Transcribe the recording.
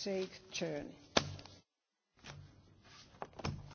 safe journey.